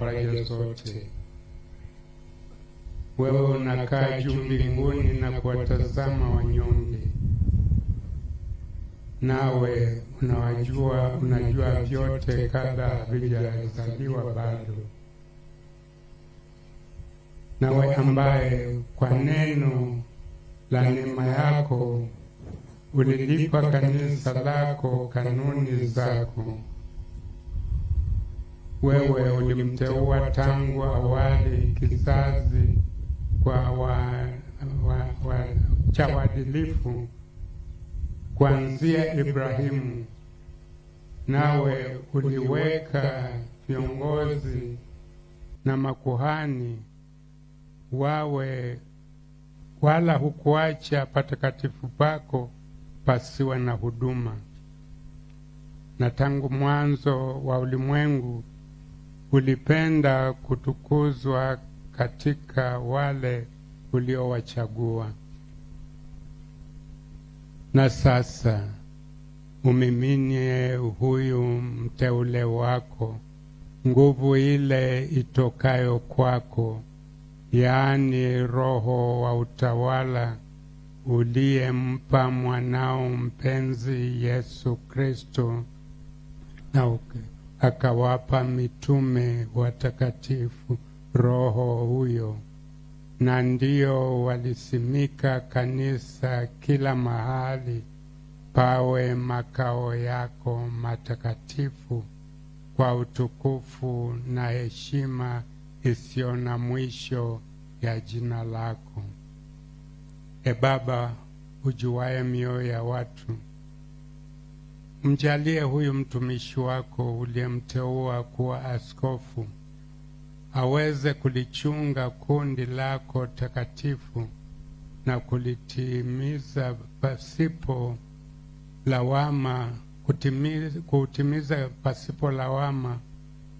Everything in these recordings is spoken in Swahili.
faraja zote. Wewe unakaa juu mbinguni na kuwatazama wanyonge, nawe unawajua, unajua vyote kabla havijazaliwa bado. Nawe ambaye kwa neno la neema yako ulilipa kanisa lako kanuni zako wewe ulimteua tangu awali kizazi kwa wa, wa, wa, cha waadilifu kuanzia Ibrahimu, nawe uliweka viongozi na makuhani wawe, wala hukuacha patakatifu pako pasiwa na huduma. Na tangu mwanzo wa ulimwengu ulipenda kutukuzwa katika wale uliowachagua, na sasa umiminie huyu mteule wako nguvu ile itokayo kwako, yaani Roho wa utawala uliyempa mwanao mpenzi Yesu Kristo, na okay akawapa mitume watakatifu roho huyo, na ndio walisimika kanisa kila mahali pawe makao yako matakatifu kwa utukufu na heshima isiyo na mwisho ya jina lako. E Baba ujuwaye mioyo ya watu mjalie huyu mtumishi wako uliyemteua kuwa askofu aweze kulichunga kundi lako takatifu na kulitimiza pasipo lawama, kutimiza, kutimiza pasipo lawama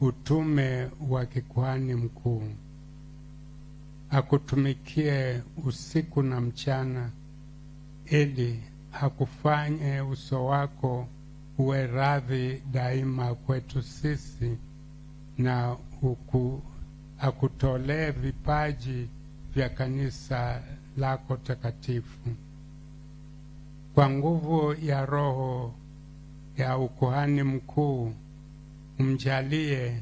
utume wa kikuhani mkuu. Akutumikie usiku na mchana, ili akufanye uso wako uwe radhi daima kwetu sisi na huku akutolee vipaji vya kanisa lako takatifu kwa nguvu ya Roho ya ukuhani mkuu, umjalie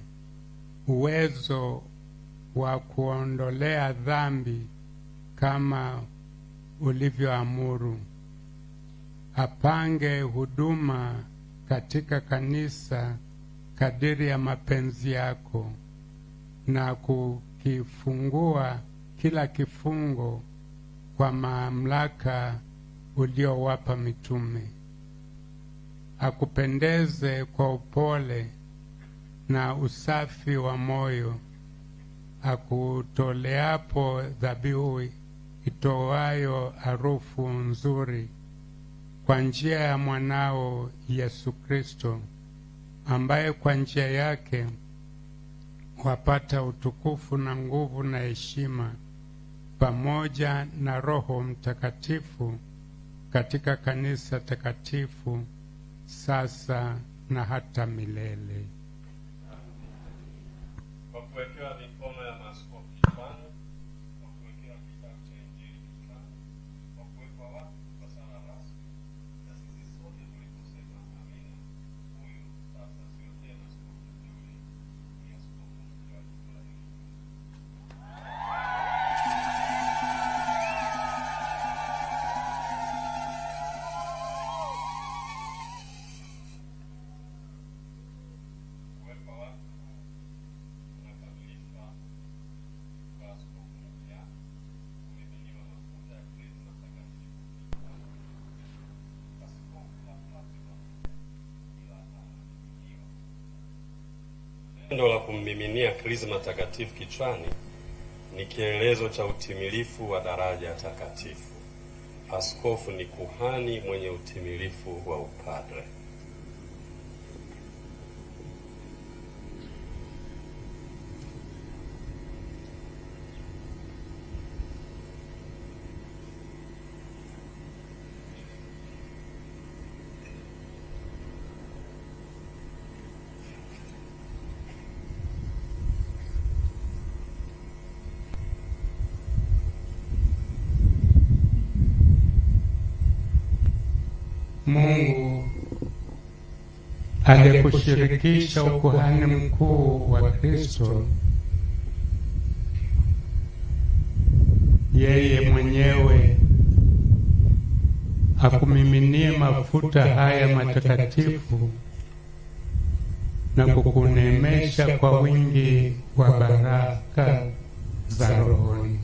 uwezo wa kuondolea dhambi kama ulivyoamuru, apange huduma katika kanisa kadiri ya mapenzi yako na kukifungua kila kifungo kwa mamlaka uliowapa mitume, akupendeze kwa upole na usafi wa moyo, akutoleapo dhabihu itoayo harufu nzuri kwa njia ya mwanao Yesu Kristo, ambaye kwa njia yake wapata utukufu na nguvu na heshima pamoja na Roho Mtakatifu katika kanisa takatifu sasa na hata milele. Tendo la kummiminia krisma takatifu kichwani ni kielelezo cha utimilifu wa daraja takatifu. Askofu ni kuhani mwenye utimilifu wa upadre. Mungu alikushirikisha ukuhani mkuu wa Kristo, yeye mwenyewe akumiminie mafuta haya matakatifu na kukunemesha kwa wingi wa baraka za rohoni.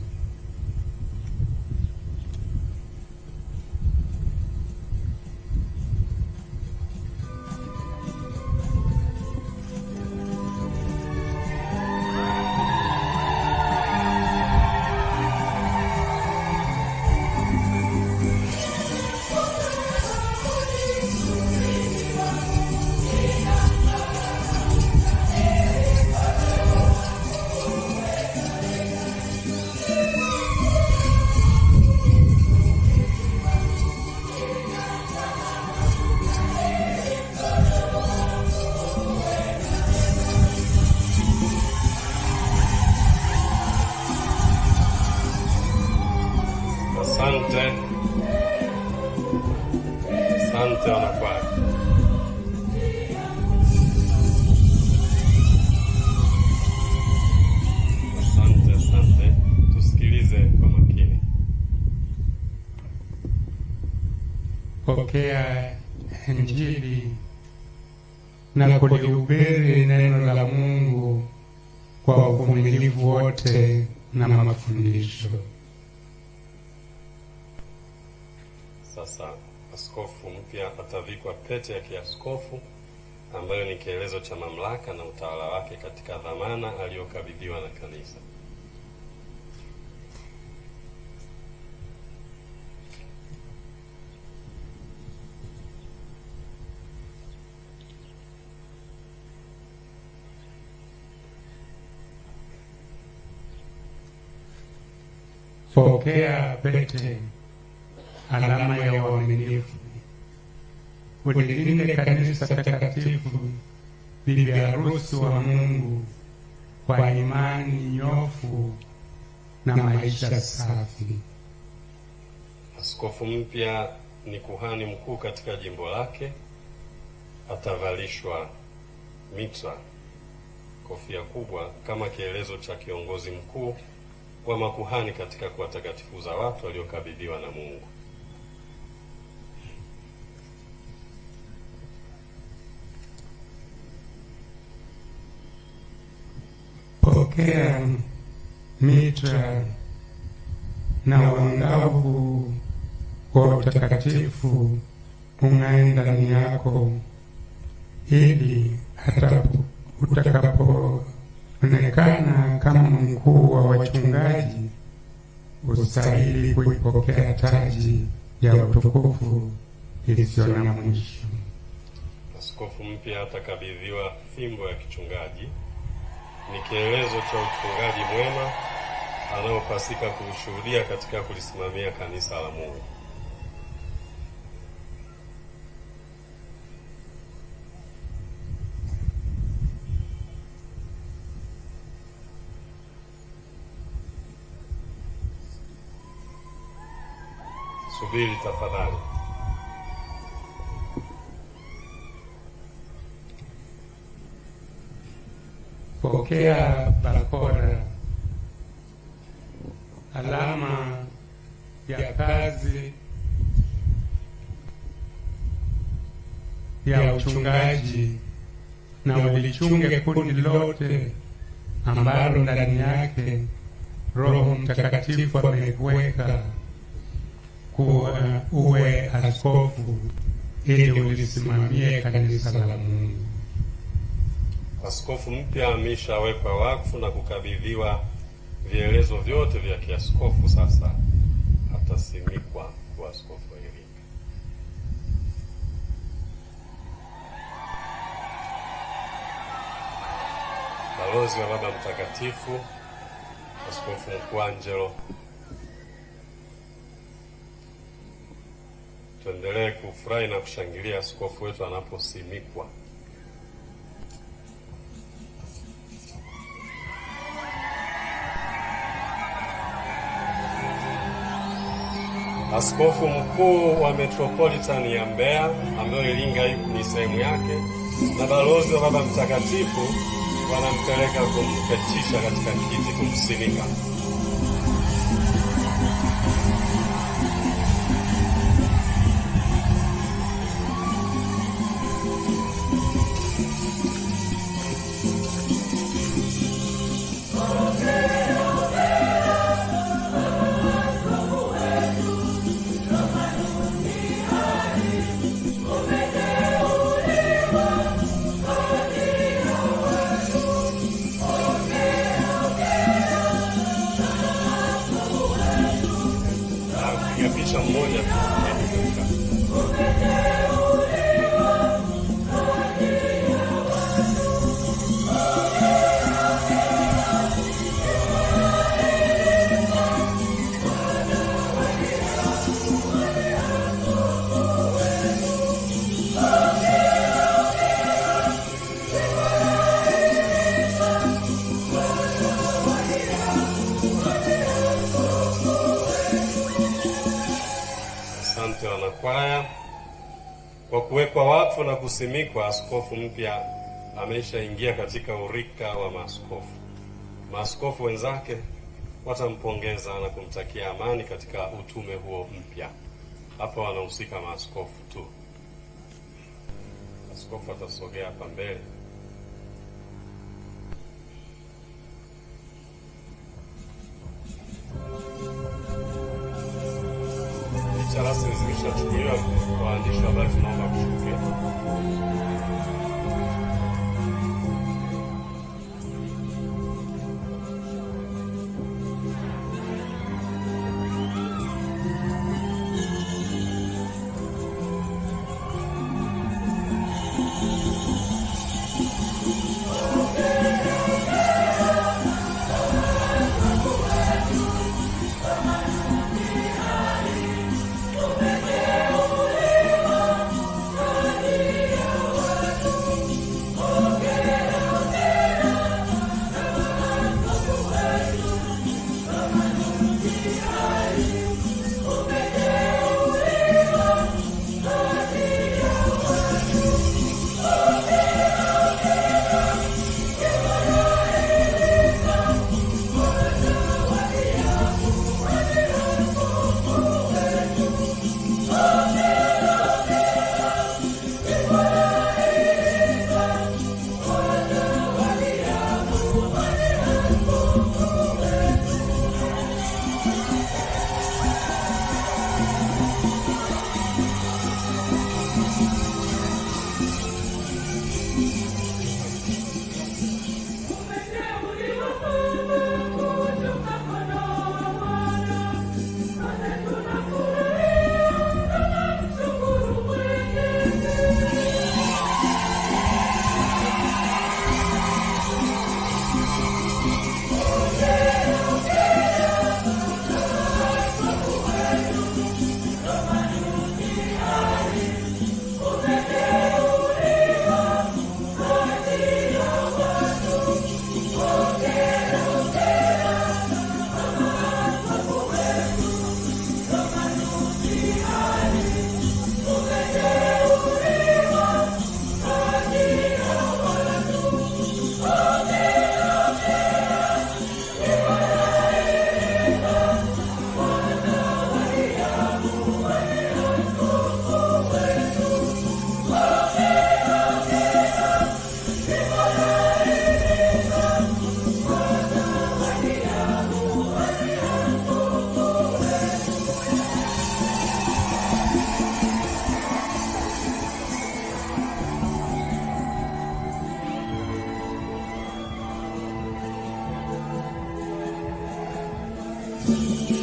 kupokea Injili na kulihubiri neno la Mungu kwa uvumilivu wote na mafundisho. Sasa askofu mpya atavikwa pete ya kiaskofu ambayo ni kielezo cha mamlaka na utawala wake katika dhamana aliyokabidhiwa na kanisa. Pokea pete, alama ya uaminifu. Ulilinde kanisa takatifu, bibi harusi wa Mungu, kwa imani nyofu na maisha safi. Askofu mpya ni kuhani mkuu katika jimbo lake, atavalishwa mitra, kofia kubwa, kama kielezo cha kiongozi mkuu wa makuhani katika kuwatakatifuza watu waliokabidhiwa na Mungu. Pokea mitra na wangavu wa utakatifu unaenda ndani yako, ili hata utakapoonekana kama mkuu wa wachungaji ustahili kuipokea taji ya utukufu isiyo na mwisho. Askofu mpya atakabidhiwa fimbo ya kichungaji, ni kielezo cha uchungaji mwema anaopasika kuushuhudia katika kulisimamia kanisa la Mungu. Subiri tafadhali. Pokea bakora, alama ya kazi ya uchungaji, na ulichunge kundi lote ambalo ndani yake Roho Mtakatifu amekuweka kuwa uwe askofu ili ulisimamie kanisa la Mungu. Askofu mpya ameshawekwa wakfu na kukabidhiwa vielezo vyote vya kiaskofu. Sasa atasimikwa kuwa askofu wa Iringa. Balozi wa Baba Mtakatifu, Askofu Mkuu Angelo tuendelee kufurahi na kushangilia askofu wetu anaposimikwa. Askofu mkuu wa Metropolitan ya Mbeya, ambayo Iringa ni sehemu yake, na balozi wa Baba Mtakatifu wanampeleka kumfetisha katika kiti kumsimika. Kutaafu na kusimikwa askofu mpya ameshaingia katika urika wa maaskofu. Maaskofu wenzake watampongeza na kumtakia amani katika utume huo mpya. Hapa wanahusika maaskofu tu. Askofu atasogea hapa mbele. Karadeniz'in işte açılıyor. O halde inşallah final bakışı. Thank you.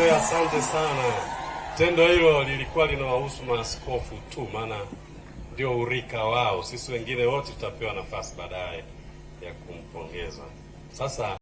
Mzee, asante sana. Tendo hilo lilikuwa linawahusu maaskofu tu, maana ndio urika wao. Sisi wengine wote tutapewa nafasi baadaye ya kumpongeza sasa.